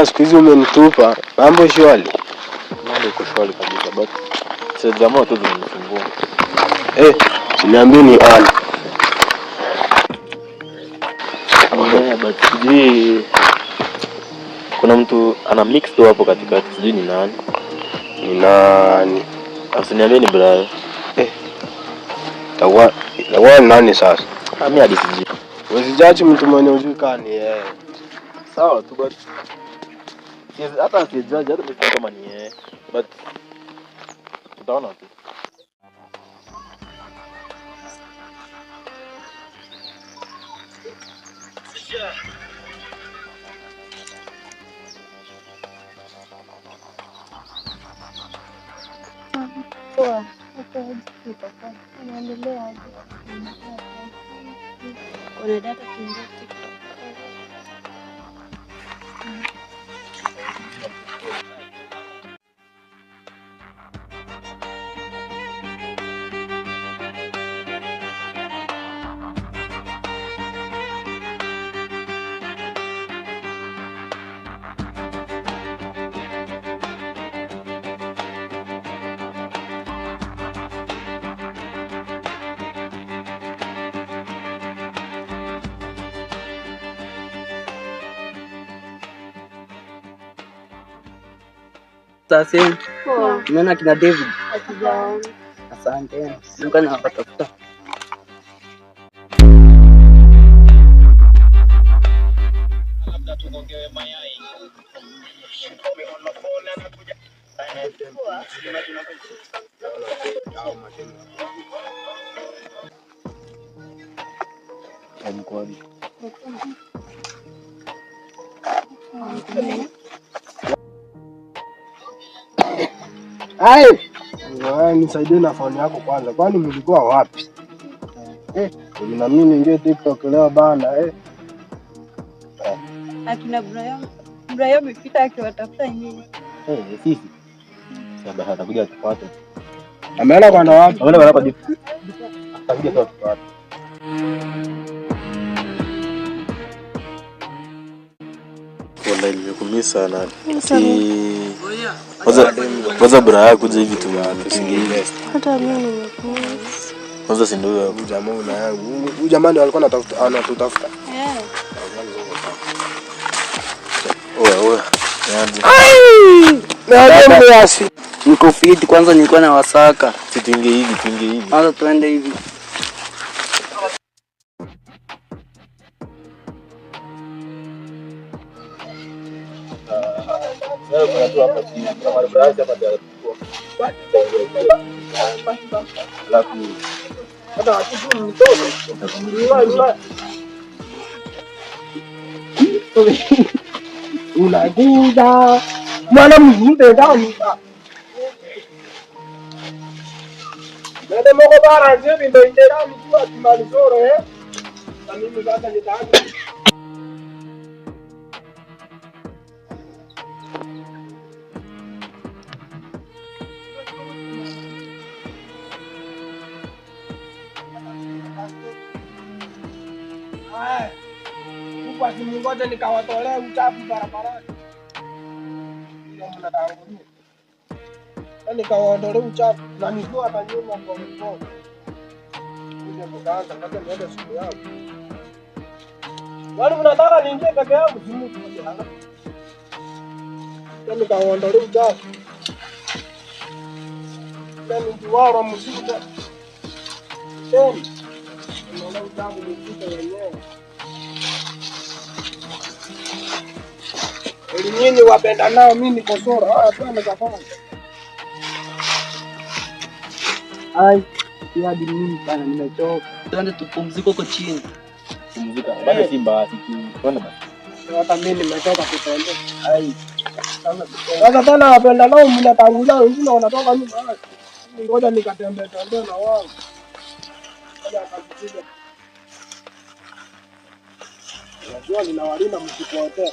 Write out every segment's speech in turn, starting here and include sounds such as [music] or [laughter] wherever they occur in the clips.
maana siku hizi umenitupa. Mambo shwari? Mambo iko shwari kabisa, but sasa jamaa tu zinanifungua. Eh, niambie ni ani Yeah, but sijui kuna mtu ana mix tu hapo katikati, sijui ni nani ni nani. niambie ni brother. Eh, tawa tawa nani sasa? Ah, Mimi hadi sijui. Usijaji mtu mwenye ujui kani yeye. Sawa tu basi. hata angejaji hata mimi kama ni yeye but tutaona tu unaenda kuingia TikTok sasa tumeona kina David. Asante. Nilikuwa nawatafuta. Nisaidie na fauni yako kwanza, kwani mlikuwa wapi? Eh, na mimi ningie TikTok leo bana. Eh. Ah, akina Ibrahim amepita akiwatafuta nyinyi. Eh, sisi sasa atakuja tupate. Ameona bwana wapi? Ameona bwana hapa. Atakuja tu tupate. Wallahi nimekumisa sana. Kwanza bura yako kuja hivi hata mimi nimekuja. Kwanza si ndio jamaa una yangu. Huyu jamaa ndio alikuwa anatafuta anatutafuta. Eh. Oya oya. Niko fit kwanza nilikuwa na wasaka. Tutinge hivi, tutinge hivi. Kwanza tuende hivi. watu hapa chini, kuna unaguza mwana mzumbe ndani Dede moko bara ndio ndio ndio ndio ndio ndio ndio ndio ndio ndio ndio Timu jadi kawat oleh ucap parah-parah. ini. Iya, kan kawat ucap nangis gua tanya mau komen gua. Udah bukan ternyata ada semua. Lalu menatakan ini dia kakek aku dulu kawat ucap. dan itu orang musik. Kan. ucap itu kita nyinyi wapenda nao, mimi niko sora. Ai, hadi mimi bana, nimechoka. Twende tupumzike huko chini. Pumzika. Bado Simba asiki. Twende basi. Hata mimi nimetoka kutembea. Ai. Sasa tena wapenda nao mnatangulia wengine wanatoka mimi Ngoja nikatembea tembea na wao. Ngoja akakuja. Najua ninawalima msipotea.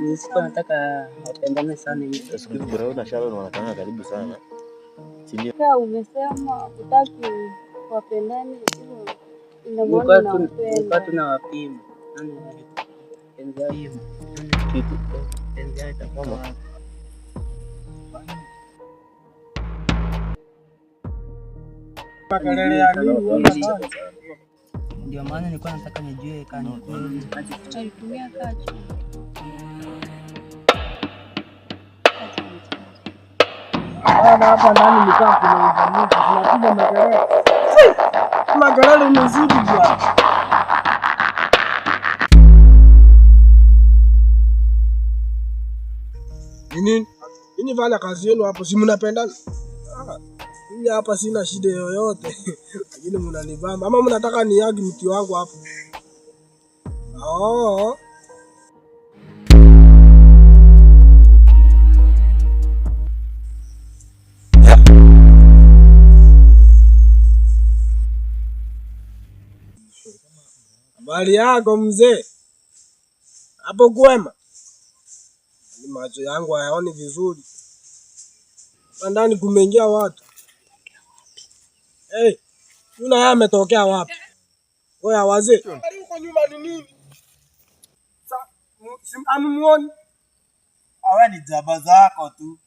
Nisikuwa nataka wapendane sana hivyo. karibu sana. Sasa umesema utaki wapendane hivyo. Ndio Tuna wapima. ndio maana nilikuwa nataka nijue kani. Tutatumia Maana hapa Nini nini kazi yenu hapo, si mnapendana? Ah, hapa sina shida yoyote, [laughs] lakini mnanibamba ama mnataka mti wangu hapo? Oh. Habari yako mzee? Hapo kwema? Ni yaani macho yangu hayaoni vizuri. Ndani kumeingia watu. Eh, Hey, yuna haya ametokea wapi? Oya wazee. Habari uko nyuma ni nini? Sa, Amuoni. Awe ah, ni jaba zako tu.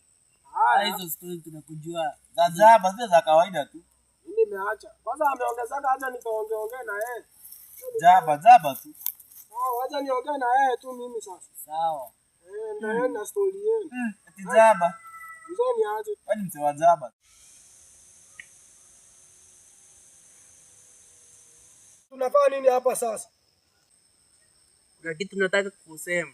Ah, Hizo stori tunakujua. Za jaba zile za kawaida tu. Mimi nimeacha. Kwanza ameongezeka hata nikaongeongee na yeye. Jaba jaba tu. Ah, waja acha niongee na yeye tu mimi sasa. Sawa. Eh, ndio na story yenu. Mm, ati jaba. Hizo aje? Kwani mse wa jaba. Tunafanya nini hapa sasa? Kuna kitu tunataka kusema.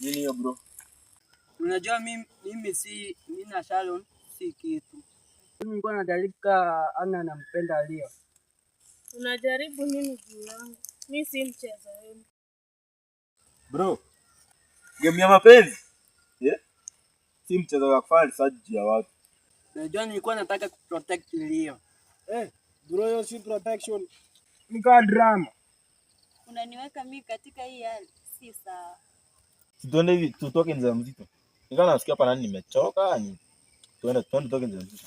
Nini yo bro? Unajua mimi mimi si mimi na Shalom si kitu. Mimi nikuwa najaribu kaa Ana anampenda alio. Unajaribu nini juu yangu? Mi si mchezo wenu. Bro, game ya mapenzi yeah? Si mchezo wa kufanya research juu ya watu. Najua nilikuwa nataka kuprotect Leo. Eh, bro, hiyo si protection. Ni kama drama. Unaniweka mimi katika hii hali, si sawa. Tuende hivi, tutoke nje mzito. Nikawa nasikia hapa nani nimechoka, ni tuende tuende tutoke nje mzito.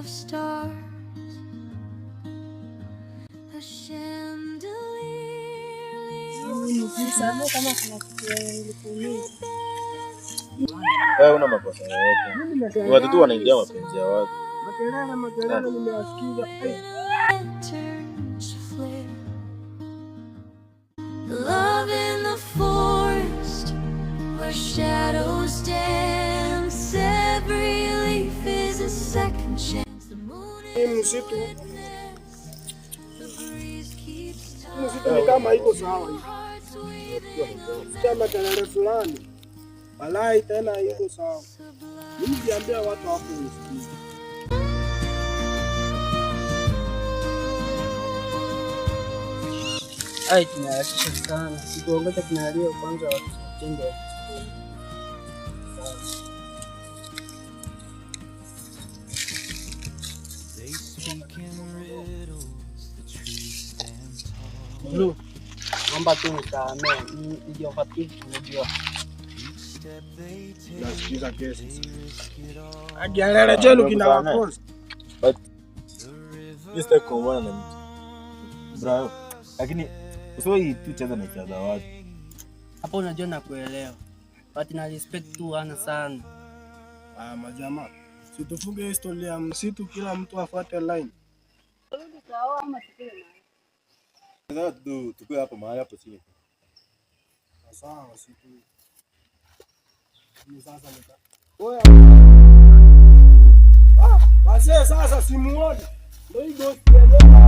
of stars A chandelier wewe eh, una makosa watu tu wanaingia mapenzi ya watu. Makelele makelele Love in the forest where shadows dance, every leaf is a second chance. msitu msitu ni kama iko sawa chama tarehe fulani balai tena iko sawa. Niliambia watu hapo msitu ai tunaharakisha sana, sikuongeza kinalia kwanza watu watende Blue, naomba tu nisamehe, unajua ah, lakini usoi tu cheza watu hapo, unajua nakuelewa, but na respect tu ana sana. Ah, majama, situfuge historia ya msitu, kila mtu afuate line. Sasa tukue hapo mahali hapo chini. sasa nika. Ah, Ndio hii